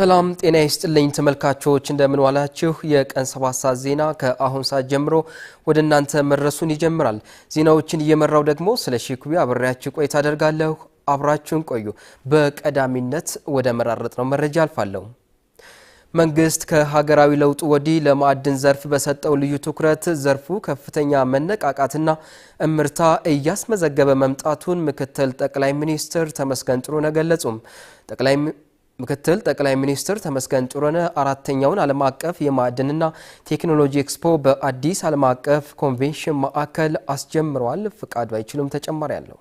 ሰላም ጤና ይስጥልኝ ተመልካቾች፣ እንደምንዋላችሁ የቀን ሰባት ሰዓት ዜና ከአሁን ሰዓት ጀምሮ ወደ እናንተ መድረሱን ይጀምራል። ዜናዎችን እየመራው ደግሞ ስለ ሺኩቢ አብሬያችሁ ቆይታ አደርጋለሁ። አብራችሁን ቆዩ። በቀዳሚነት ወደ መራረጥ ነው መረጃ አልፋለሁ። መንግስት ከሀገራዊ ለውጡ ወዲህ ለማዕድን ዘርፍ በሰጠው ልዩ ትኩረት ዘርፉ ከፍተኛ መነቃቃትና እምርታ እያስመዘገበ መምጣቱን ምክትል ጠቅላይ ሚኒስትር ተመስገን ጥሩነህ ገለጹም። ምክትል ጠቅላይ ሚኒስትር ተመስገን ጥሩነህ አራተኛውን ዓለም አቀፍ የማዕድንና ቴክኖሎጂ ኤክስፖ በአዲስ ዓለም አቀፍ ኮንቬንሽን ማዕከል አስጀምረዋል። ፍቃዱ አይችሉም ተጨማሪ አለው።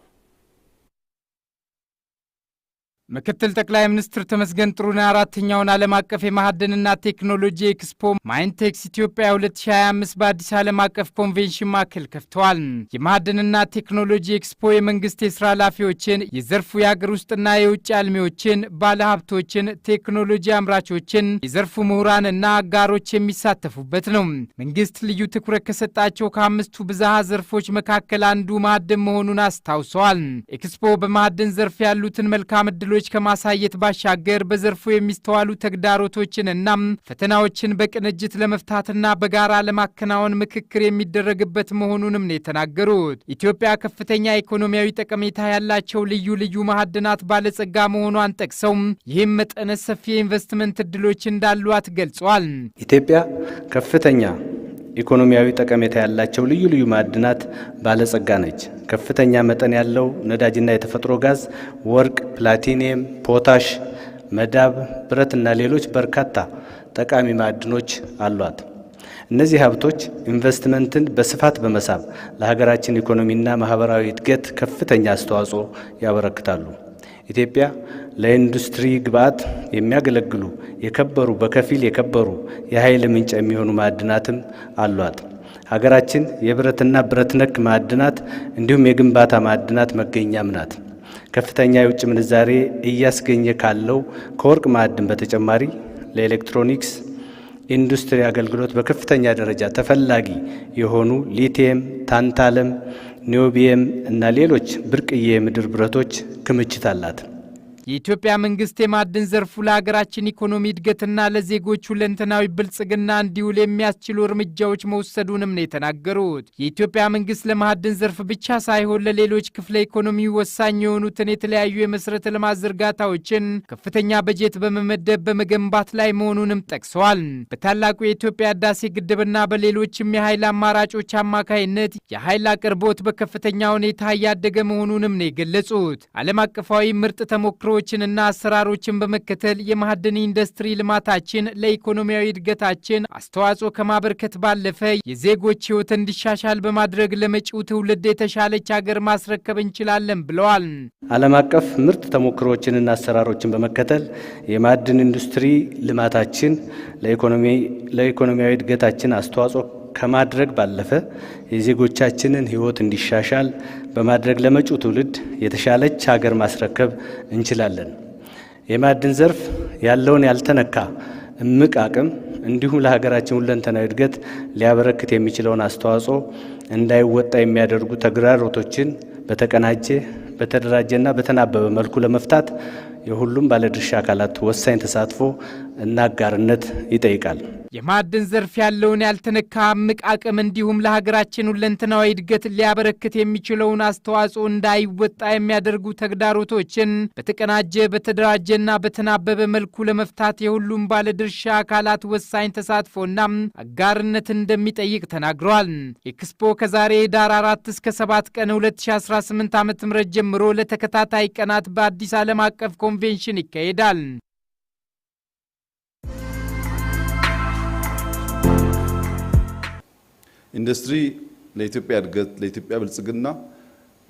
ምክትል ጠቅላይ ሚኒስትር ተመስገን ጥሩነህ አራተኛውን ዓለም አቀፍ የማዕድንና ቴክኖሎጂ ኤክስፖ ማይንቴክስ ኢትዮጵያ 2025 በአዲስ ዓለም አቀፍ ኮንቬንሽን ማዕከል ከፍተዋል። የማዕድንና ቴክኖሎጂ ኤክስፖ የመንግስት የስራ ኃላፊዎችን፣ የዘርፉ የአገር ውስጥና የውጭ አልሚዎችን፣ ባለሀብቶችን፣ ቴክኖሎጂ አምራቾችን፣ የዘርፉ ምሁራንና አጋሮች የሚሳተፉበት ነው። መንግስት ልዩ ትኩረት ከሰጣቸው ከአምስቱ ብዝሃ ዘርፎች መካከል አንዱ ማዕድን መሆኑን አስታውሰዋል። ኤክስፖ በማዕድን ዘርፍ ያሉትን መልካም ዕድሎች ምሳሌዎች ከማሳየት ባሻገር በዘርፉ የሚስተዋሉ ተግዳሮቶችንና ፈተናዎችን በቅንጅት ለመፍታትና በጋራ ለማከናወን ምክክር የሚደረግበት መሆኑንም ነው የተናገሩት። ኢትዮጵያ ከፍተኛ ኢኮኖሚያዊ ጠቀሜታ ያላቸው ልዩ ልዩ ማዕድናት ባለጸጋ መሆኗን ጠቅሰው ይህም መጠነ ሰፊ የኢንቨስትመንት እድሎች እንዳሏት ገልጿል። ኢትዮጵያ ከፍተኛ ኢኮኖሚያዊ ጠቀሜታ ያላቸው ልዩ ልዩ ማዕድናት ባለጸጋ ነች። ከፍተኛ መጠን ያለው ነዳጅና የተፈጥሮ ጋዝ፣ ወርቅ፣ ፕላቲኒየም፣ ፖታሽ፣ መዳብ፣ ብረትና ሌሎች በርካታ ጠቃሚ ማዕድኖች አሏት። እነዚህ ሀብቶች ኢንቨስትመንትን በስፋት በመሳብ ለሀገራችን ኢኮኖሚና ማህበራዊ እድገት ከፍተኛ አስተዋጽኦ ያበረክታሉ። ኢትዮጵያ ለኢንዱስትሪ ግብዓት የሚያገለግሉ የከበሩ በከፊል የከበሩ የኃይል ምንጭ የሚሆኑ ማዕድናትም አሏት። ሀገራችን የብረትና ብረት ነክ ማዕድናት እንዲሁም የግንባታ ማዕድናት መገኛም ናት። ከፍተኛ የውጭ ምንዛሬ እያስገኘ ካለው ከወርቅ ማዕድን በተጨማሪ ለኤሌክትሮኒክስ ኢንዱስትሪ አገልግሎት በከፍተኛ ደረጃ ተፈላጊ የሆኑ ሊቲየም፣ ታንታለም፣ ኒዮቢየም እና ሌሎች ብርቅዬ የምድር ብረቶች ክምችት አላት። የኢትዮጵያ መንግስት የማዕድን ዘርፉ ለሀገራችን ኢኮኖሚ እድገትና ለዜጎች ሁለንተናዊ ብልጽግና እንዲውል የሚያስችሉ እርምጃዎች መውሰዱንም ነው የተናገሩት። የኢትዮጵያ መንግስት ለማዕድን ዘርፍ ብቻ ሳይሆን ለሌሎች ክፍለ ኢኮኖሚ ወሳኝ የሆኑትን የተለያዩ የመሰረተ ልማት ዝርጋታዎችን ከፍተኛ በጀት በመመደብ በመገንባት ላይ መሆኑንም ጠቅሰዋል። በታላቁ የኢትዮጵያ ህዳሴ ግድብና በሌሎችም የኃይል አማራጮች አማካይነት የኃይል አቅርቦት በከፍተኛ ሁኔታ እያደገ መሆኑንም ነው የገለጹት። ዓለም አቀፋዊ ምርጥ ተሞክሮ መዋቅሮችንና አሰራሮችን በመከተል የማዕድን ኢንዱስትሪ ልማታችን ለኢኮኖሚያዊ እድገታችን አስተዋጽኦ ከማበርከት ባለፈ የዜጎች ሕይወት እንዲሻሻል በማድረግ ለመጪው ትውልድ የተሻለች ሀገር ማስረከብ እንችላለን ብለዋል። ዓለም አቀፍ ምርት ተሞክሮችንና አሰራሮችን በመከተል የማዕድን ኢንዱስትሪ ልማታችን ለኢኮኖሚያዊ እድገታችን አስተዋጽኦ ከማድረግ ባለፈ የዜጎቻችንን ሕይወት እንዲሻሻል በማድረግ ለመጪው ትውልድ የተሻለች ሀገር ማስረከብ እንችላለን። የማዕድን ዘርፍ ያለውን ያልተነካ እምቅ አቅም እንዲሁም ለሀገራችን ሁለንተናዊ እድገት ሊያበረክት የሚችለውን አስተዋጽኦ እንዳይወጣ የሚያደርጉ ተግዳሮቶችን በተቀናጀ በተደራጀና በተናበበ መልኩ ለመፍታት የሁሉም ባለድርሻ አካላት ወሳኝ ተሳትፎ እና አጋርነት ይጠይቃል። የማዕድን ዘርፍ ያለውን ያልተነካ እምቅ አቅም እንዲሁም ለሀገራችን ሁለንተናዊ እድገት ሊያበረክት የሚችለውን አስተዋጽኦ እንዳይወጣ የሚያደርጉ ተግዳሮቶችን በተቀናጀ በተደራጀና በተናበበ መልኩ ለመፍታት የሁሉም ባለድርሻ አካላት ወሳኝ ተሳትፎና አጋርነት እንደሚጠይቅ ተናግረዋል። ኤክስፖ ከዛሬ ዳር 4 እስከ 7 ቀን 2018 ዓ ም ጀምሮ ለተከታታይ ቀናት በአዲስ ዓለም አቀፍ ኮንቬንሽን ይካሄዳል። ኢንዱስትሪ ለኢትዮጵያ እድገት፣ ለኢትዮጵያ ብልጽግና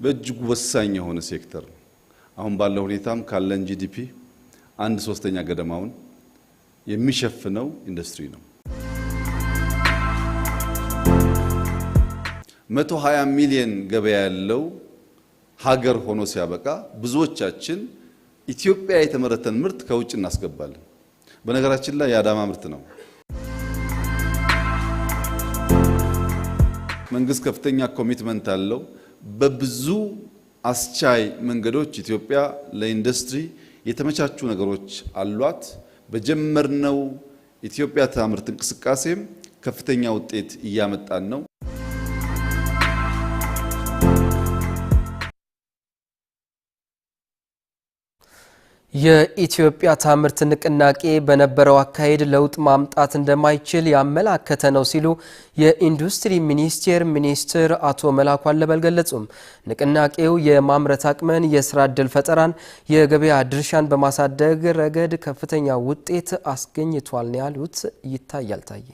በእጅጉ ወሳኝ የሆነ ሴክተር ነው። አሁን ባለው ሁኔታም ካለን ጂዲፒ አንድ ሶስተኛ ገደማውን የሚሸፍነው ኢንዱስትሪ ነው። 120 ሚሊዮን ገበያ ያለው ሀገር ሆኖ ሲያበቃ ብዙዎቻችን ኢትዮጵያ የተመረተን ምርት ከውጭ እናስገባለን። በነገራችን ላይ የአዳማ ምርት ነው። መንግስት ከፍተኛ ኮሚትመንት አለው። በብዙ አስቻይ መንገዶች ኢትዮጵያ ለኢንዱስትሪ የተመቻቹ ነገሮች አሏት። በጀመርነው ኢትዮጵያ ታምርት እንቅስቃሴም ከፍተኛ ውጤት እያመጣን ነው። የኢትዮጵያ ታምርት ንቅናቄ በነበረው አካሄድ ለውጥ ማምጣት እንደማይችል ያመላከተ ነው ሲሉ የኢንዱስትሪ ሚኒስቴር ሚኒስትር አቶ መላኩ አለበል ገለጹም። ንቅናቄው የማምረት አቅምን፣ የስራ እድል ፈጠራን፣ የገበያ ድርሻን በማሳደግ ረገድ ከፍተኛ ውጤት አስገኝቷል ያሉት። ይታያል ታዬ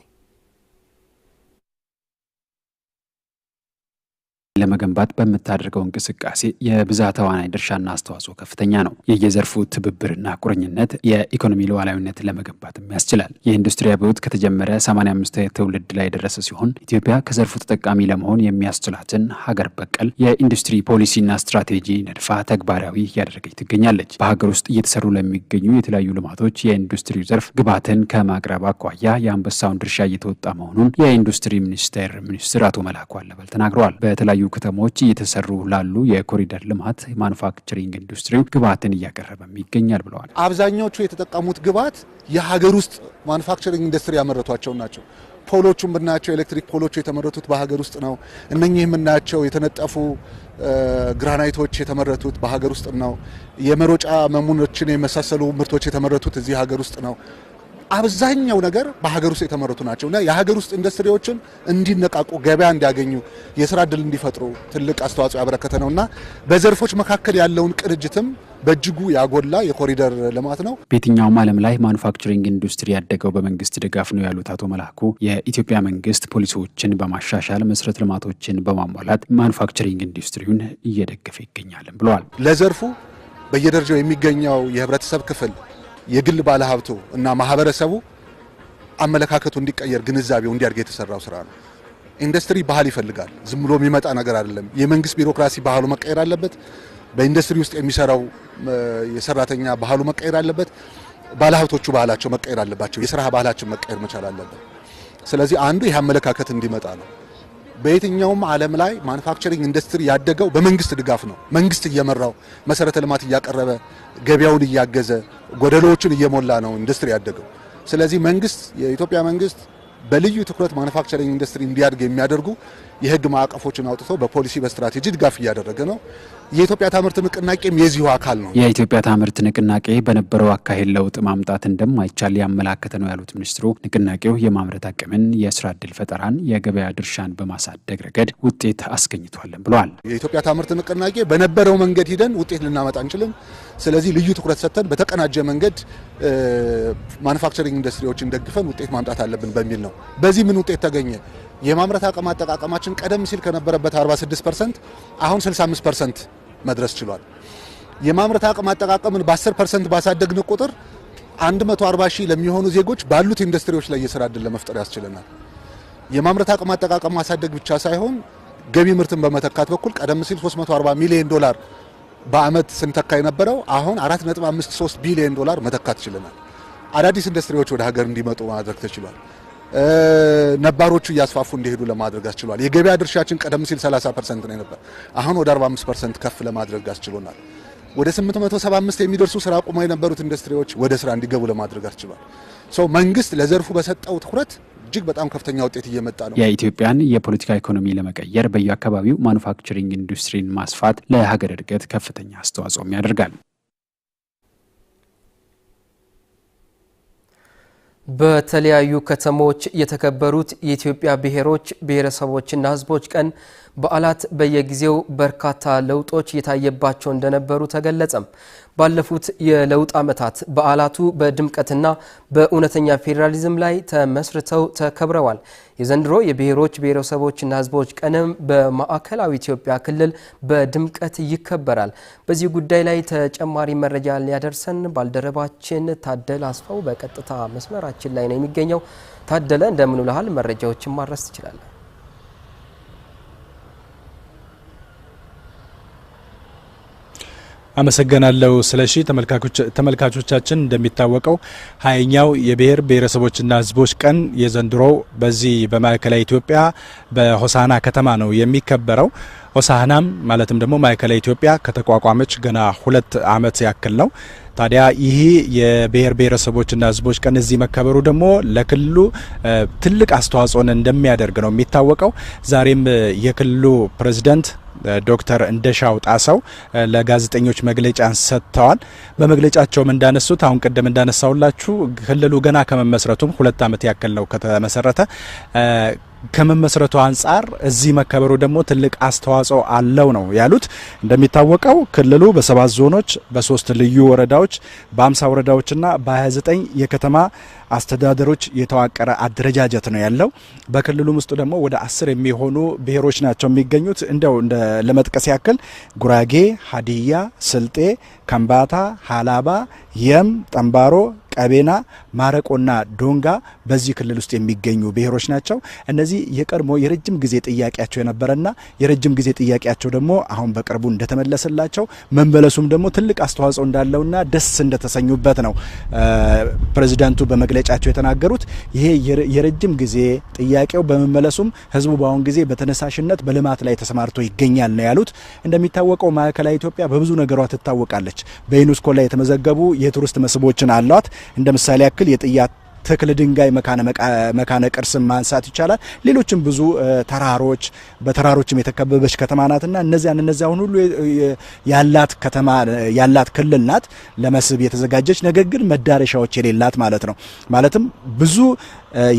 ለመገንባት በምታደርገው እንቅስቃሴ የብዛ ተዋናይ ድርሻና አስተዋጽኦ ከፍተኛ ነው። የየዘርፉ ትብብርና ቁርኝነት የኢኮኖሚ ሉዓላዊነት ለመገንባትም ያስችላል። የኢንዱስትሪ አብዮት ከተጀመረ 85 ትውልድ ላይ የደረሰ ሲሆን ኢትዮጵያ ከዘርፉ ተጠቃሚ ለመሆን የሚያስችላትን ሀገር በቀል የኢንዱስትሪ ፖሊሲና ስትራቴጂ ነድፋ ተግባራዊ እያደረገች ትገኛለች። በሀገር ውስጥ እየተሰሩ ለሚገኙ የተለያዩ ልማቶች የኢንዱስትሪው ዘርፍ ግብዓትን ከማቅረብ አኳያ የአንበሳውን ድርሻ እየተወጣ መሆኑን የኢንዱስትሪ ሚኒስቴር ሚኒስትር አቶ መላኩ አለበል ተናግረዋል። በተለያዩ ከተሞች እየተሰሩ ላሉ የኮሪደር ልማት ማኑፋክቸሪንግ ኢንዱስትሪ ግብዓትን እያቀረበም ይገኛል ብለዋል። አብዛኛዎቹ የተጠቀሙት ግብዓት የሀገር ውስጥ ማኑፋክቸሪንግ ኢንዱስትሪ ያመረቷቸው ናቸው። ፖሎቹ የምናያቸው ኤሌክትሪክ ፖሎቹ የተመረቱት በሀገር ውስጥ ነው። እነኚህ የምናያቸው የተነጠፉ ግራናይቶች የተመረቱት በሀገር ውስጥ ነው። የመሮጫ መሙኖችን የመሳሰሉ ምርቶች የተመረቱት እዚህ ሀገር ውስጥ ነው። አብዛኛው ነገር በሀገር ውስጥ የተመረቱ ናቸው እና የሀገር ውስጥ ኢንዱስትሪዎችን እንዲነቃቁ ገበያ እንዲያገኙ የስራ እድል እንዲፈጥሩ ትልቅ አስተዋጽኦ ያበረከተ ነው እና በዘርፎች መካከል ያለውን ቅንጅትም በእጅጉ ያጎላ የኮሪደር ልማት ነው። በየትኛውም ዓለም ላይ ማኑፋክቸሪንግ ኢንዱስትሪ ያደገው በመንግስት ድጋፍ ነው ያሉት አቶ መላኩ የኢትዮጵያ መንግስት ፖሊሲዎችን በማሻሻል መሰረተ ልማቶችን በማሟላት ማኑፋክቸሪንግ ኢንዱስትሪውን እየደገፈ ይገኛልን ብለዋል። ለዘርፉ በየደረጃው የሚገኘው የህብረተሰብ ክፍል የግል ባለሀብቱ እና ማህበረሰቡ አመለካከቱ እንዲቀየር ግንዛቤው እንዲያድግ የተሰራው ስራ ነው። ኢንዱስትሪ ባህል ይፈልጋል። ዝም ብሎ የሚመጣ ነገር አይደለም። የመንግስት ቢሮክራሲ ባህሉ መቀየር አለበት። በኢንዱስትሪ ውስጥ የሚሰራው የሰራተኛ ባህሉ መቀየር አለበት። ባለሀብቶቹ ባህላቸው መቀየር አለባቸው። የስራ ባህላችን መቀየር መቻል አለበት። ስለዚህ አንዱ ይህ አመለካከት እንዲመጣ ነው። በየትኛውም ዓለም ላይ ማኑፋክቸሪንግ ኢንዱስትሪ ያደገው በመንግስት ድጋፍ ነው። መንግስት እየመራው መሰረተ ልማት እያቀረበ ገበያውን እያገዘ ጎደሎዎችን እየሞላ ነው ኢንዱስትሪ ያደገው። ስለዚህ መንግስት የኢትዮጵያ መንግስት በልዩ ትኩረት ማኑፋክቸሪንግ ኢንዱስትሪ እንዲያድግ የሚያደርጉ የህግ ማዕቀፎችን አውጥቶ በፖሊሲ በስትራቴጂ ድጋፍ እያደረገ ነው። የኢትዮጵያ ታምርት ንቅናቄም የዚሁ አካል ነው። የኢትዮጵያ ታምርት ንቅናቄ በነበረው አካሄድ ለውጥ ማምጣት እንደማይቻል ያመላከተ ነው ያሉት ሚኒስትሩ ንቅናቄው የማምረት አቅምን፣ የስራ እድል ፈጠራን፣ የገበያ ድርሻን በማሳደግ ረገድ ውጤት አስገኝቷለን ብለዋል። የኢትዮጵያ ታምርት ንቅናቄ በነበረው መንገድ ሂደን ውጤት ልናመጣ አንችልም። ስለዚህ ልዩ ትኩረት ሰጥተን በተቀናጀ መንገድ ማኑፋክቸሪንግ ኢንዱስትሪዎችን ደግፈን ውጤት ማምጣት አለብን በሚል ነው። በዚህ ምን ውጤት ተገኘ? የማምረት አቅም አጠቃቀማችን ቀደም ሲል ከነበረበት 46% አሁን 65% መድረስ ችሏል። የማምረት አቅም አጠቃቀምን በ10% ባሳደግን ቁጥር 140 ሺህ ለሚሆኑ ዜጎች ባሉት ኢንዱስትሪዎች ላይ የስራ እድል ለመፍጠር ያስችለናል። የማምረት አቅም አጠቃቀም ማሳደግ ብቻ ሳይሆን ገቢ ምርትን በመተካት በኩል ቀደም ሲል 340 ሚሊዮን ዶላር በአመት ስንተካ የነበረው አሁን 4.53 ቢሊዮን ዶላር መተካት ችለናል። አዳዲስ ኢንዱስትሪዎች ወደ ሀገር እንዲመጡ ማድረግ ተችሏል። ነባሮቹ እያስፋፉ እንዲሄዱ ለማድረግ አስችሏል። የገበያ ድርሻችን ቀደም ሲል 30 ፐርሰንት ነው ነበር፣ አሁን ወደ 45 ፐርሰንት ከፍ ለማድረግ አስችሎናል። ወደ 875 የሚደርሱ ስራ ቁመው የነበሩት ኢንዱስትሪዎች ወደ ስራ እንዲገቡ ለማድረግ አስችሏል። ሰው መንግስት ለዘርፉ በሰጠው ትኩረት እጅግ በጣም ከፍተኛ ውጤት እየመጣ ነው። የኢትዮጵያን የፖለቲካ ኢኮኖሚ ለመቀየር በየአካባቢው ማኑፋክቸሪንግ ኢንዱስትሪን ማስፋት ለሀገር እድገት ከፍተኛ አስተዋጽኦም ያደርጋል። በተለያዩ ከተሞች የተከበሩት የኢትዮጵያ ብሔሮች ብሔረሰቦችና ሕዝቦች ቀን በዓላት በየጊዜው በርካታ ለውጦች የታየባቸው እንደነበሩ ተገለጸም። ባለፉት የለውጥ ዓመታት በዓላቱ በድምቀትና በእውነተኛ ፌዴራሊዝም ላይ ተመስርተው ተከብረዋል። የዘንድሮ የብሔሮች ብሔረሰቦችና ሕዝቦች ቀንም በማዕከላዊ ኢትዮጵያ ክልል በድምቀት ይከበራል። በዚህ ጉዳይ ላይ ተጨማሪ መረጃ ሊያደርሰን ባልደረባችን ታደለ አስፋው በቀጥታ መስመራችን ላይ ነው የሚገኘው። ታደለ እንደምን ውለሃል? መረጃዎችን ማድረስ ትችላለን? አመሰግናለሁ ስለሺ። ተመልካቾቻችን እንደሚታወቀው ሀያኛው የብሔር ብሔረሰቦችና ህዝቦች ቀን የዘንድሮው በዚህ በማዕከላዊ ኢትዮጵያ በሆሳና ከተማ ነው የሚከበረው። ሆሳናም ማለትም ደግሞ ማዕከላዊ ኢትዮጵያ ከተቋቋመች ገና ሁለት ዓመት ያክል ነው። ታዲያ ይህ የብሔር ብሔረሰቦችና ህዝቦች ቀን እዚህ መከበሩ ደግሞ ለክልሉ ትልቅ አስተዋጽኦን እንደሚያደርግ ነው የሚታወቀው። ዛሬም የክልሉ ፕሬዝዳንት ዶክተር እንደሻው ጣሰው ለጋዜጠኞች መግለጫ ሰጥተዋል። በመግለጫቸውም እንዳነሱት አሁን ቅድም እንዳነሳውላችሁ ክልሉ ገና ከመመስረቱም ሁለት ዓመት ያክል ነው ከተመሰረተ ከመመስረቱ አንጻር እዚህ መከበሩ ደግሞ ትልቅ አስተዋጽኦ አለው ነው ያሉት። እንደሚታወቀው ክልሉ በሰባት ዞኖች፣ በሶስት ልዩ ወረዳዎች፣ በአምሳ ወረዳዎችና በ29 የከተማ አስተዳደሮች የተዋቀረ አደረጃጀት ነው ያለው። በክልሉም ውስጥ ደግሞ ወደ አስር የሚሆኑ ብሔሮች ናቸው የሚገኙት። እንዲያው ለመጥቀስ ያክል ጉራጌ፣ ሀዲያ፣ ስልጤ፣ ከምባታ፣ ሀላባ፣ የም፣ ጠምባሮ ቀቤና፣ ማረቆና ዶንጋ በዚህ ክልል ውስጥ የሚገኙ ብሔሮች ናቸው። እነዚህ የቀድሞ የረጅም ጊዜ ጥያቄያቸው የነበረና የረጅም ጊዜ ጥያቄያቸው ደግሞ አሁን በቅርቡ እንደተመለሰላቸው መመለሱም ደግሞ ትልቅ አስተዋጽኦ እንዳለውና ደስ እንደተሰኙበት ነው ፕሬዚዳንቱ በመግለጫቸው የተናገሩት። ይሄ የረጅም ጊዜ ጥያቄው በመመለሱም ህዝቡ በአሁን ጊዜ በተነሳሽነት በልማት ላይ ተሰማርቶ ይገኛል ነው ያሉት። እንደሚታወቀው ማዕከላዊ ኢትዮጵያ በብዙ ነገሯ ትታወቃለች። በዩኒስኮ ላይ የተመዘገቡ የቱሪስት መስህቦችን አሏት። እንደ ምሳሌ ያክል የጥያ ተክለ ድንጋይ መካነ ቅርስን ማንሳት ይቻላል። ሌሎችም ብዙ ተራሮች በተራሮችም የተከበበች ከተማ ናትና እነዚያን እነዚያን ሁሉ ያላት ከተማ ያላት ክልል ናት ለመስህብ የተዘጋጀች ነገር ግን መዳረሻዎች የሌላት ማለት ነው። ማለትም ብዙ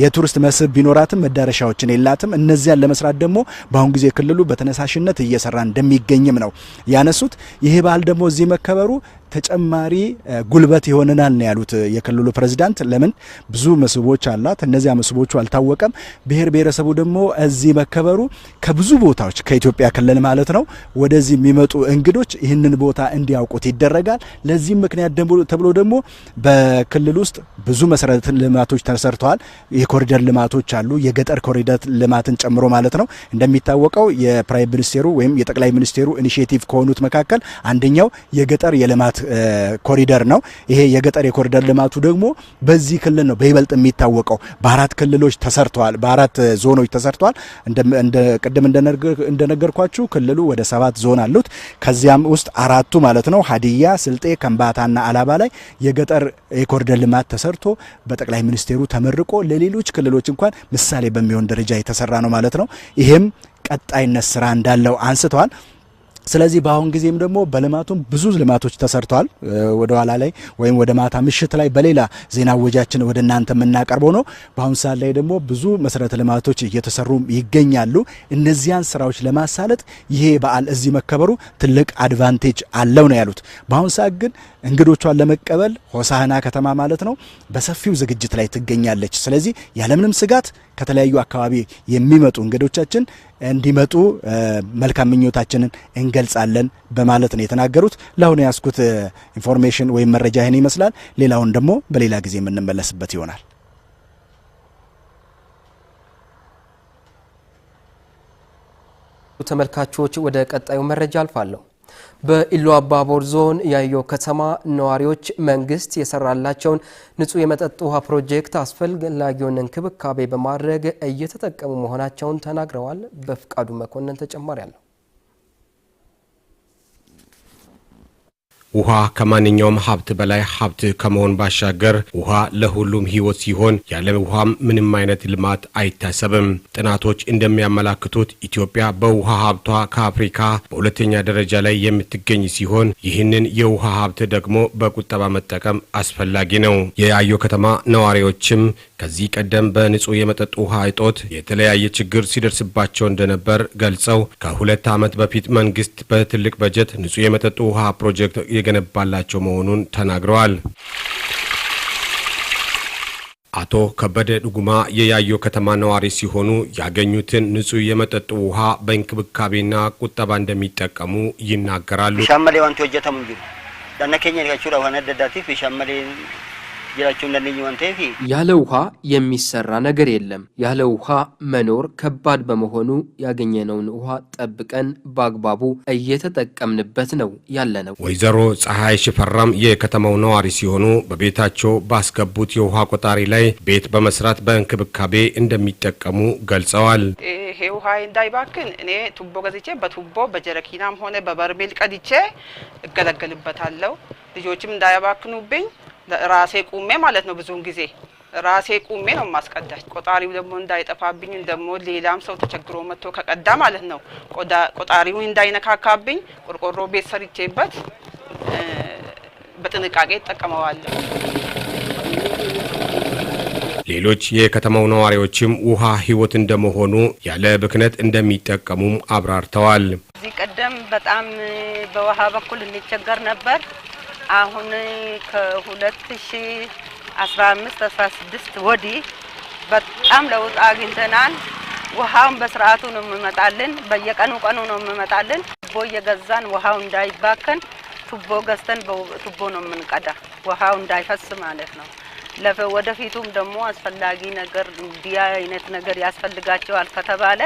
የቱሪስት መስህብ ቢኖራትም መዳረሻዎችን የላትም። እነዚያን ለመስራት ደግሞ በአሁን ጊዜ ክልሉ በተነሳሽነት እየሰራ እንደሚገኝም ነው ያነሱት። ይህ ባህል ደግሞ እዚህ መከበሩ ተጨማሪ ጉልበት ይሆነናል ነው ያሉት የክልሉ ፕሬዚዳንት። ለምን ብዙ መስህቦች አላት እነዚያ መስህቦቹ አልታወቀም። ብሔር ብሔረሰቡ ደግሞ እዚህ መከበሩ ከብዙ ቦታዎች ከኢትዮጵያ ክልል ማለት ነው ወደዚህ የሚመጡ እንግዶች ይህንን ቦታ እንዲያውቁት ይደረጋል። ለዚህም ምክንያት ተብሎ ደግሞ በክልል ውስጥ ብዙ መሰረተ ልማቶች ተሰርተዋል። የኮሪደር ልማቶች አሉ፣ የገጠር ኮሪደር ልማትን ጨምሮ ማለት ነው። እንደሚታወቀው የፕራይም ሚኒስቴሩ ወይም የጠቅላይ ሚኒስቴሩ ኢኒሽቲቭ ከሆኑት መካከል አንደኛው የገጠር የልማት ኮሪደር ነው። ይሄ የገጠር የኮሪደር ልማቱ ደግሞ በዚህ ክልል ነው በይበልጥ የሚታወቀው። በአራት ክልሎች ተሰርተዋል፣ በአራት ዞኖች ተሰርተዋል። ቅድም እንደነገርኳችሁ ክልሉ ወደ ሰባት ዞን አሉት። ከዚያም ውስጥ አራቱ ማለት ነው ሀዲያ፣ ስልጤ፣ ከምባታና አላባ ላይ የገጠር የኮሪደር ልማት ተሰርቶ በጠቅላይ ሚኒስቴሩ ተመርቆ ለሌሎች ክልሎች እንኳን ምሳሌ በሚሆን ደረጃ የተሰራ ነው ማለት ነው። ይሄም ቀጣይነት ስራ እንዳለው አንስተዋል። ስለዚህ በአሁን ጊዜም ደግሞ በልማቱም ብዙ ልማቶች ተሰርተዋል። ወደ ኋላ ላይ ወይም ወደ ማታ ምሽት ላይ በሌላ ዜና ወጃችን ወደ እናንተ የምናቀርበው ነው። በአሁን ሰዓት ላይ ደግሞ ብዙ መሰረተ ልማቶች እየተሰሩ ይገኛሉ። እነዚያን ስራዎች ለማሳለጥ ይሄ በዓል እዚህ መከበሩ ትልቅ አድቫንቴጅ አለው ነው ያሉት። በአሁን ሰዓት ግን እንግዶቿን ለመቀበል ሆሳህና ከተማ ማለት ነው በሰፊው ዝግጅት ላይ ትገኛለች። ስለዚህ ያለምንም ስጋት ከተለያዩ አካባቢ የሚመጡ እንግዶቻችን እንዲመጡ መልካም ምኞታችንን እንገልጻለን በማለት ነው የተናገሩት። ለአሁኑ ያስኩት ኢንፎርሜሽን ወይም መረጃ ይህን ይመስላል። ሌላውን ደግሞ በሌላ ጊዜ የምንመለስበት ይሆናል። ተመልካቾች ወደ ቀጣዩ መረጃ አልፋለሁ። በኢሉ አባቦር ዞን ያየው ከተማ ነዋሪዎች መንግስት የሰራላቸውን ንጹህ የመጠጥ ውሃ ፕሮጀክት አስፈላጊውን እንክብካቤ በማድረግ እየተጠቀሙ መሆናቸውን ተናግረዋል። በፍቃዱ መኮንን ተጨማሪ አለው። ውሃ ከማንኛውም ሀብት በላይ ሀብት ከመሆን ባሻገር ውሃ ለሁሉም ህይወት ሲሆን ያለ ውሃም ምንም አይነት ልማት አይታሰብም። ጥናቶች እንደሚያመላክቱት ኢትዮጵያ በውሃ ሀብቷ ከአፍሪካ በሁለተኛ ደረጃ ላይ የምትገኝ ሲሆን ይህንን የውሃ ሀብት ደግሞ በቁጠባ መጠቀም አስፈላጊ ነው። የያዮ ከተማ ነዋሪዎችም ከዚህ ቀደም በንጹህ የመጠጥ ውሃ እጦት የተለያየ ችግር ሲደርስባቸው እንደነበር ገልጸው ከሁለት ዓመት በፊት መንግስት በትልቅ በጀት ንጹህ የመጠጥ ውሃ ፕሮጀክት የገነባላቸው መሆኑን ተናግረዋል። አቶ ከበደ ዱጉማ የያዮ ከተማ ነዋሪ ሲሆኑ ያገኙትን ንጹህ የመጠጥ ውሃ በእንክብካቤና ቁጠባ እንደሚጠቀሙ ይናገራሉ። ሻመሌ ዋንቲ ወጀተሙ ለሆነ ደዳቲ ሻመሌ ያለ ውሃ የሚሰራ ነገር የለም። ያለ ውሃ መኖር ከባድ በመሆኑ ያገኘነውን ውሃ ጠብቀን በአግባቡ እየተጠቀምንበት ነው ያለ ነው። ወይዘሮ ፀሐይ ሽፈራም የከተማው ነዋሪ ሲሆኑ በቤታቸው ባስገቡት የውሃ ቆጣሪ ላይ ቤት በመስራት በእንክብካቤ እንደሚጠቀሙ ገልጸዋል። ይሄ ውሃ እንዳይባክን እኔ ቱቦ ገዝቼ በቱቦ በጀረኪናም ሆነ በበርሜል ቀድቼ እገለገልበታለሁ። ልጆችም እንዳያባክኑብኝ ራሴ ቁሜ ማለት ነው። ብዙውን ጊዜ ራሴ ቁሜ ነው ማስቀዳች። ቆጣሪው ደግሞ እንዳይጠፋብኝ ደግሞ ሌላም ሰው ተቸግሮ መጥቶ ከቀዳ ማለት ነው ቆጣሪው እንዳይነካካብኝ ቆርቆሮ ቤት ሰርቼበት በጥንቃቄ ይጠቀመዋለሁ። ሌሎች የከተማው ነዋሪዎችም ውሃ ህይወት እንደመሆኑ ያለ ብክነት እንደሚጠቀሙም አብራርተዋል። እዚህ ቀደም በጣም በውሃ በኩል እንቸገር ነበር። አሁን ከሁለት ሺህ አስራ አምስት አስራ ስድስት ወዲህ በጣም ለውጥ አግኝተናል። ውሃውን በስርዓቱ ነው የምመጣልን። በየቀኑ ቀኑ ነው የምመጣልን። ቱቦ እየገዛን ውሃው እንዳይባከን ቱቦ ገዝተን ቱቦ ነው የምንቀዳ፣ ውሃው እንዳይፈስ ማለት ነው። ወደፊቱም ደግሞ አስፈላጊ ነገር እንዲህ አይነት ነገር ያስፈልጋቸዋል ከተባለ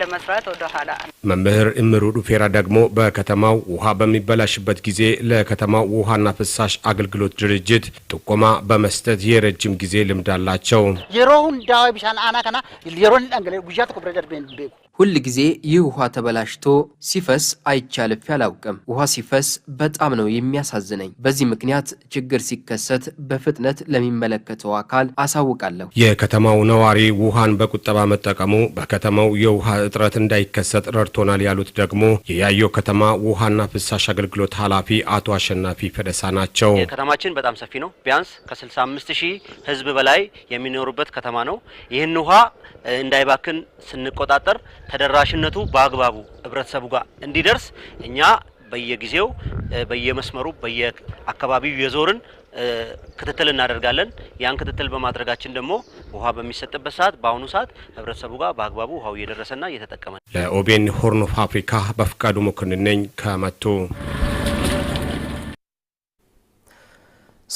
ለመስራት ወደ ኋላ። መምህር እምሩ ዱፌራ ደግሞ በከተማው ውሃ በሚበላሽበት ጊዜ ለከተማው ውሃና ፍሳሽ አገልግሎት ድርጅት ጥቆማ በመስጠት የረጅም ጊዜ ልምድ አላቸው። የሮሁን ዳዋ ቢሻን አና ከና የሮን ጉያ ሁል ጊዜ ይህ ውሃ ተበላሽቶ ሲፈስ አይቻልፍ አላውቅም። ውሃ ሲፈስ በጣም ነው የሚያሳዝነኝ። በዚህ ምክንያት ችግር ሲከሰት በፍጥነት ለሚመለከተው አካል አሳውቃለሁ። የከተማው ነዋሪ ውሃን በቁጠባ መጠቀሙ በከተማው የውሃ እጥረት እንዳይከሰት ረድቶናል ያሉት ደግሞ የያየው ከተማ ውሃና ፍሳሽ አገልግሎት ኃላፊ አቶ አሸናፊ ፈደሳ ናቸው። የከተማችን በጣም ሰፊ ነው። ቢያንስ ከ65 ሺህ ህዝብ በላይ የሚኖሩበት ከተማ ነው። ይህን ውሃ እንዳይባክን ስንቆጣጠር ተደራሽነቱ በአግባቡ ህብረተሰቡ ጋር እንዲደርስ እኛ በየጊዜው በየመስመሩ በየአካባቢው የዞርን ክትትል እናደርጋለን። ያን ክትትል በማድረጋችን ደግሞ ውሃ በሚሰጥበት ሰዓት በአሁኑ ሰዓት ህብረተሰቡ ጋር በአግባቡ ውሃው እየደረሰና እየተጠቀመ ለኦቤን ሆርን ኦፍ አፍሪካ በፍቃዱ መኮንን ነኝ ከመቱ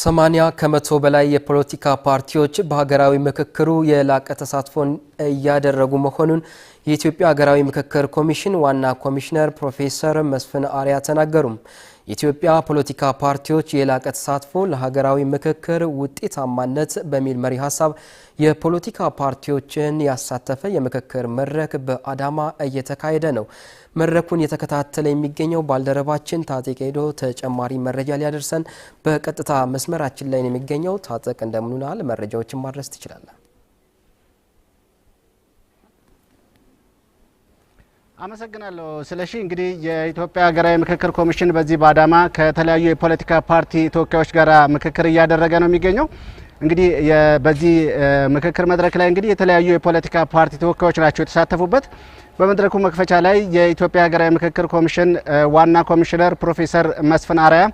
ሰማንያ ከመቶ በላይ የፖለቲካ ፓርቲዎች በሀገራዊ ምክክሩ የላቀ ተሳትፎን እያደረጉ መሆኑን የኢትዮጵያ ሀገራዊ ምክክር ኮሚሽን ዋና ኮሚሽነር ፕሮፌሰር መስፍን አሪያ ተናገሩም። የኢትዮጵያ ፖለቲካ ፓርቲዎች የላቀ ተሳትፎ ለሀገራዊ ምክክር ውጤታማነት በሚል መሪ ሀሳብ የፖለቲካ ፓርቲዎችን ያሳተፈ የምክክር መድረክ በአዳማ እየተካሄደ ነው። መድረኩን የተከታተለ የሚገኘው ባልደረባችን ታጠቅ ሄዶ ተጨማሪ መረጃ ሊያደርሰን በቀጥታ መስመራችን ላይ ነው የሚገኘው። ታጠቅ እንደምንናል መረጃዎችን ማድረስ ትችላለን። አመሰግናለሁ ስለሺ። እንግዲህ የኢትዮጵያ ሀገራዊ ምክክር ኮሚሽን በዚህ በአዳማ ከተለያዩ የፖለቲካ ፓርቲ ተወካዮች ጋር ምክክር እያደረገ ነው የሚገኘው። እንግዲህ በዚህ ምክክር መድረክ ላይ እንግዲህ የተለያዩ የፖለቲካ ፓርቲ ተወካዮች ናቸው የተሳተፉበት። በመድረኩ መክፈቻ ላይ የኢትዮጵያ ሀገራዊ ምክክር ኮሚሽን ዋና ኮሚሽነር ፕሮፌሰር መስፍን አርአያ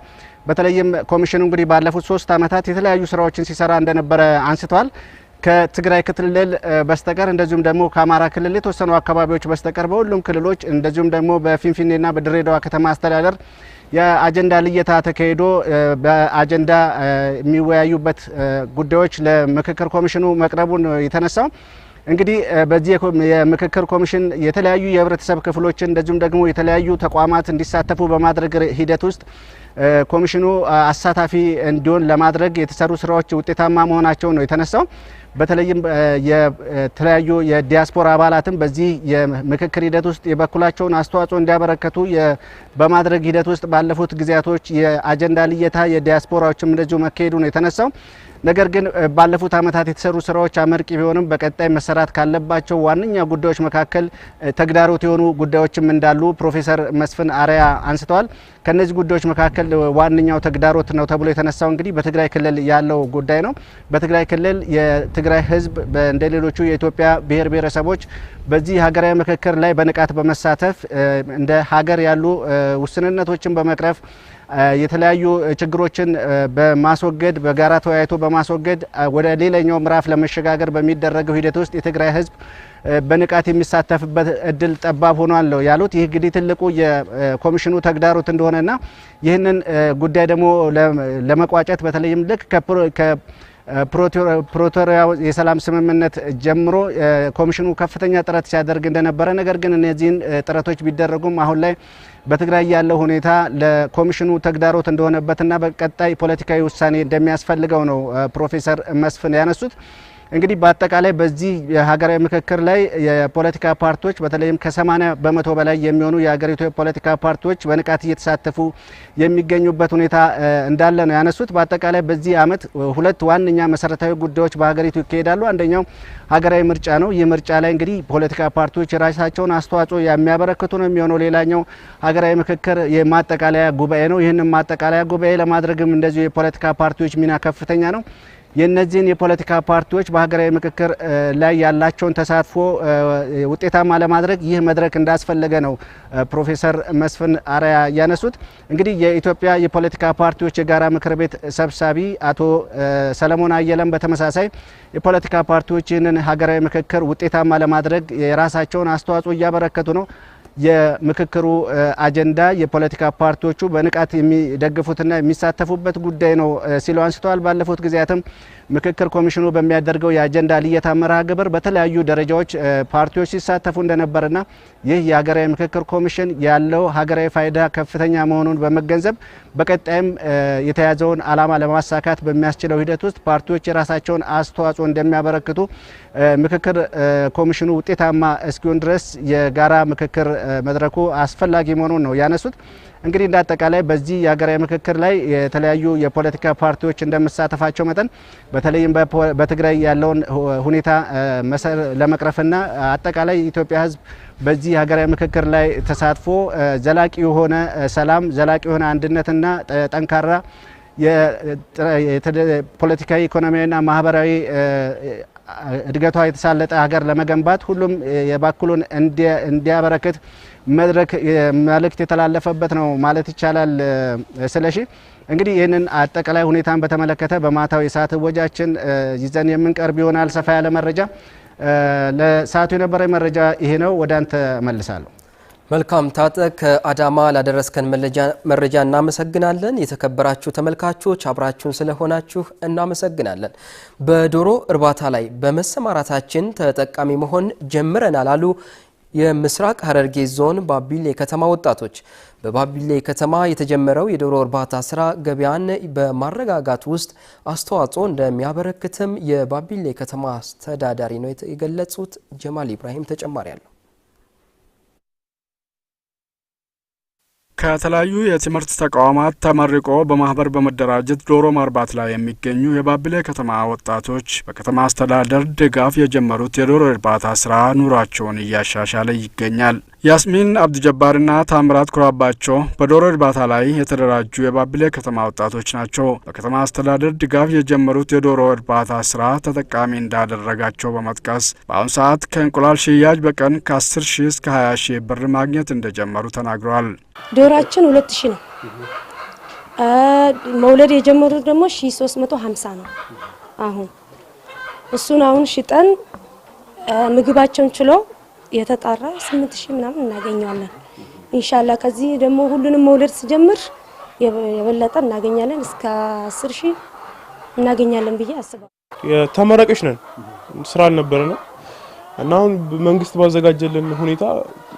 በተለይም ኮሚሽኑ እንግዲህ ባለፉት ሶስት ዓመታት የተለያዩ ስራዎችን ሲሰራ እንደነበረ አንስተዋል። ከትግራይ ክልል በስተቀር እንደዚሁም ደግሞ ከአማራ ክልል የተወሰኑ አካባቢዎች በስተቀር በሁሉም ክልሎች እንደዚሁም ደግሞ በፊንፊኔና በድሬዳዋ ከተማ አስተዳደር የአጀንዳ ልየታ ተካሂዶ በአጀንዳ የሚወያዩበት ጉዳዮች ለምክክር ኮሚሽኑ መቅረቡን የተነሳው እንግዲህ በዚህ የምክክር ኮሚሽን የተለያዩ የህብረተሰብ ክፍሎችን እንደዚሁም ደግሞ የተለያዩ ተቋማት እንዲሳተፉ በማድረግ ሂደት ውስጥ ኮሚሽኑ አሳታፊ እንዲሆን ለማድረግ የተሰሩ ስራዎች ውጤታማ መሆናቸው ነው የተነሳው። በተለይም የተለያዩ የዲያስፖራ አባላትም በዚህ የምክክር ሂደት ውስጥ የበኩላቸውን አስተዋጽኦ እንዲያበረከቱ በማድረግ ሂደት ውስጥ ባለፉት ጊዜያቶች የአጀንዳ ልየታ የዲያስፖራዎችም እንደዚሁ መካሄዱ ነው የተነሳው። ነገር ግን ባለፉት ዓመታት የተሰሩ ስራዎች አመርቂ ቢሆንም በቀጣይ መሰራት ካለባቸው ዋነኛ ጉዳዮች መካከል ተግዳሮት የሆኑ ጉዳዮችም እንዳሉ ፕሮፌሰር መስፍን አሪያ አንስተዋል። ከነዚህ ጉዳዮች መካከል ዋነኛው ተግዳሮት ነው ተብሎ የተነሳው እንግዲህ በትግራይ ክልል ያለው ጉዳይ ነው። በትግራይ ክልል የትግራይ ህዝብ እንደ ሌሎቹ የኢትዮጵያ ብሔር ብሔረሰቦች በዚህ ሀገራዊ ምክክር ላይ በንቃት በመሳተፍ እንደ ሀገር ያሉ ውስንነቶችን በመቅረፍ የተለያዩ ችግሮችን በማስወገድ በጋራ ተወያይቶ በማስወገድ ወደ ሌላኛው ምዕራፍ ለመሸጋገር በሚደረገው ሂደት ውስጥ የትግራይ ህዝብ በንቃት የሚሳተፍበት እድል ጠባብ ሆኗል ያሉት። ይህ እንግዲህ ትልቁ የኮሚሽኑ ተግዳሮት እንደሆነና ይህንን ጉዳይ ደግሞ ለመቋጨት በተለይም ልክ ፕሪቶሪያ የሰላም ስምምነት ጀምሮ ኮሚሽኑ ከፍተኛ ጥረት ሲያደርግ እንደነበረ፣ ነገር ግን እነዚህን ጥረቶች ቢደረጉም አሁን ላይ በትግራይ ያለው ሁኔታ ለኮሚሽኑ ተግዳሮት እንደሆነበትና በቀጣይ ፖለቲካዊ ውሳኔ እንደሚያስፈልገው ነው ፕሮፌሰር መስፍን ያነሱት። እንግዲህ በአጠቃላይ በዚህ የሀገራዊ ምክክር ላይ የፖለቲካ ፓርቲዎች በተለይም ከሰማኒያ በመቶ በላይ የሚሆኑ የሀገሪቱ የፖለቲካ ፓርቲዎች በንቃት እየተሳተፉ የሚገኙበት ሁኔታ እንዳለ ነው ያነሱት። በአጠቃላይ በዚህ አመት ሁለት ዋነኛ መሰረታዊ ጉዳዮች በሀገሪቱ ይካሄዳሉ። አንደኛው ሀገራዊ ምርጫ ነው። ይህ ምርጫ ላይ እንግዲህ ፖለቲካ ፓርቲዎች የራሳቸውን አስተዋጽኦ የሚያበረክቱ ነው የሚሆነው። ሌላኛው ሀገራዊ ምክክር የማጠቃለያ ጉባኤ ነው። ይህንን ማጠቃለያ ጉባኤ ለማድረግም እንደዚሁ የፖለቲካ ፓርቲዎች ሚና ከፍተኛ ነው። የእነዚህን የፖለቲካ ፓርቲዎች በሀገራዊ ምክክር ላይ ያላቸውን ተሳትፎ ውጤታማ ለማድረግ ይህ መድረክ እንዳስፈለገ ነው ፕሮፌሰር መስፍን አርአያ ያነሱት። እንግዲህ የኢትዮጵያ የፖለቲካ ፓርቲዎች የጋራ ምክር ቤት ሰብሳቢ አቶ ሰለሞን አየለም በተመሳሳይ የፖለቲካ ፓርቲዎች ይህንን ሀገራዊ ምክክር ውጤታማ ለማድረግ የራሳቸውን አስተዋጽኦ እያበረከቱ ነው የምክክሩ አጀንዳ የፖለቲካ ፓርቲዎቹ በንቃት የሚደግፉትና የሚሳተፉበት ጉዳይ ነው ሲሉ አንስተዋል። ባለፉት ጊዜያትም ምክክር ኮሚሽኑ በሚያደርገው የአጀንዳ ልየታ መርሃ ግብር በተለያዩ ደረጃዎች ፓርቲዎች ሲሳተፉ እንደነበርና ይህ የሀገራዊ ምክክር ኮሚሽን ያለው ሀገራዊ ፋይዳ ከፍተኛ መሆኑን በመገንዘብ በቀጣይም የተያዘውን ዓላማ ለማሳካት በሚያስችለው ሂደት ውስጥ ፓርቲዎች የራሳቸውን አስተዋጽኦ እንደሚያበረክቱ ምክክር ኮሚሽኑ ውጤታማ እስኪሆን ድረስ የጋራ ምክክር መድረኩ አስፈላጊ መሆኑን ነው ያነሱት። እንግዲህ እንደ አጠቃላይ በዚህ የሀገራዊ ምክክር ላይ የተለያዩ የፖለቲካ ፓርቲዎች እንደመሳተፋቸው መጠን በተለይም በትግራይ ያለውን ሁኔታ ለመቅረፍና አጠቃላይ ኢትዮጵያ ሕዝብ በዚህ ሀገራዊ ምክክር ላይ ተሳትፎ ዘላቂ የሆነ ሰላም፣ ዘላቂ የሆነ አንድነትና ጠንካራ ፖለቲካዊ፣ ኢኮኖሚያዊና ማህበራዊ እድገቷ የተሳለጠ ሀገር ለመገንባት ሁሉም የበኩሉን እንዲያበረክት መድረክ መልእክት የተላለፈበት ነው ማለት ይቻላል። ስለሺ እንግዲህ ይህንን አጠቃላይ ሁኔታን በተመለከተ በማታው የሰዓት እወጃችን ይዘን የምንቀርብ ይሆናል። ሰፋ ያለ መረጃ ለሰዓቱ የነበረ መረጃ ይሄ ነው። ወደ አንተ መልሳለሁ። መልካም ታጠቅ፣ ከአዳማ ላደረስከን መረጃ እናመሰግናለን። የተከበራችሁ ተመልካቾች አብራችሁን ስለሆናችሁ እናመሰግናለን። በዶሮ እርባታ ላይ በመሰማራታችን ተጠቃሚ መሆን ጀምረናል አሉ የምስራቅ ሐረርጌ ዞን ባቢሌ ከተማ ወጣቶች በባቢሌ ከተማ የተጀመረው የዶሮ እርባታ ስራ ገበያን በማረጋጋት ውስጥ አስተዋጽኦ እንደሚያበረክትም የባቢሌ ከተማ አስተዳዳሪ ነው የገለጹት። ጀማል ኢብራሂም ተጨማሪ አለው። ከተለያዩ የትምህርት ተቋማት ተመርቆ በማህበር በመደራጀት ዶሮ ማርባት ላይ የሚገኙ የባቢሌ ከተማ ወጣቶች በከተማ አስተዳደር ድጋፍ የጀመሩት የዶሮ እርባታ ስራ ኑሯቸውን እያሻሻለ ይገኛል። ያስሚን አብዱጀባርና ታምራት ኩራባቸው በዶሮ እርባታ ላይ የተደራጁ የባቢሌ ከተማ ወጣቶች ናቸው። በከተማ አስተዳደር ድጋፍ የጀመሩት የዶሮ እርባታ ስራ ተጠቃሚ እንዳደረጋቸው በመጥቀስ በአሁኑ ሰዓት ከእንቁላል ሽያጭ በቀን ከ10 ሺህ እስከ 20 ሺህ ብር ማግኘት እንደጀመሩ ተናግረዋል። ዶሯችን ሁለት ሺህ ነው። መውለድ የጀመሩት ደግሞ ሺህ 350 ነው። አሁን እሱን አሁን ሽጠን ምግባቸውን ችለው የተጣራ ስምንት ሺህ ምናምን እናገኘዋለን። ኢንሻላ ከዚህ ደግሞ ሁሉንም መውለድ ስጀምር የበለጠ እናገኛለን። እስከ አስር ሺህ እናገኛለን ብዬ አስባለሁ። ተመራቂዎች ነን፣ ስራ አልነበረ ነው እና አሁን መንግስት ባዘጋጀልን ሁኔታ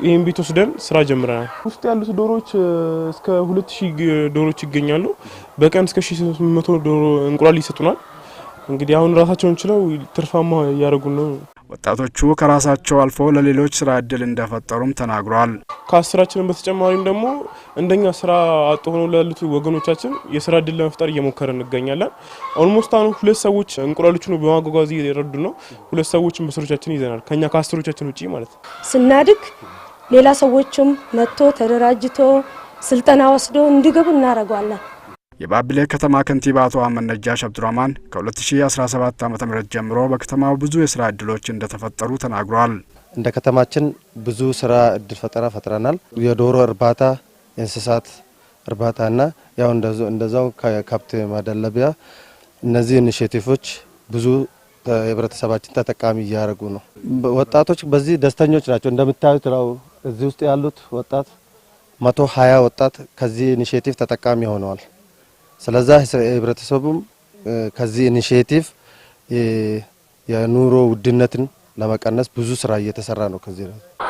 ይህን ቤት ወስደን ስራ ጀምረናል። ውስጥ ያሉት ዶሮዎች እስከ ሁለት ሺህ ዶሮዎች ይገኛሉ። በቀን እስከ ሺህ ስምንት መቶ ዶሮ እንቁላል ይሰጡናል። እንግዲህ አሁን ራሳቸውን ችለው ትርፋማ እያደረጉ ነው። ወጣቶቹ ከራሳቸው አልፎ ለሌሎች ስራ እድል እንደፈጠሩም ተናግሯል። ከአስራችንም በተጨማሪም ደግሞ እንደኛ ስራ አጥ ሆነው ላሉት ወገኖቻችን የስራ እድል ለመፍጠር እየሞከረ እንገኛለን። ኦልሞስት አሁን ሁለት ሰዎች እንቁላሎችን በማጓጓዝ እየረዱ ነው። ሁለት ሰዎችን በስሮቻችን ይዘናል፣ ከኛ ከአስሮቻችን ውጪ ማለት ነው። ስናድግ ሌላ ሰዎችም መጥቶ ተደራጅቶ ስልጠና ወስዶ እንዲገቡ እናደርገዋለን። የባቢሌ ከተማ ከንቲባ አቶ አህመድ ነጃሽ አብዱራማን ከ2017 ዓ ም ጀምሮ በከተማው ብዙ የስራ እድሎች እንደተፈጠሩ ተናግሯል። እንደ ከተማችን ብዙ ስራ እድል ፈጠራ ፈጥረናል። የዶሮ እርባታ፣ የእንስሳት እርባታና ያው እንደዛው ከብት ማደለቢያ፣ እነዚህ ኢኒሽቲቮች ብዙ የህብረተሰባችን ተጠቃሚ እያደረጉ ነው። ወጣቶች በዚህ ደስተኞች ናቸው። እንደምታዩት ው እዚህ ውስጥ ያሉት ወጣት መቶ ሀያ ወጣት ከዚህ ኢኒሽቲቭ ተጠቃሚ ሆነዋል። ስለዛ ህብረተሰቡም ከዚህ ኢኒሽቲቭ የኑሮ ውድነትን ለመቀነስ ብዙ ስራ እየተሰራ ነው። ከዚህ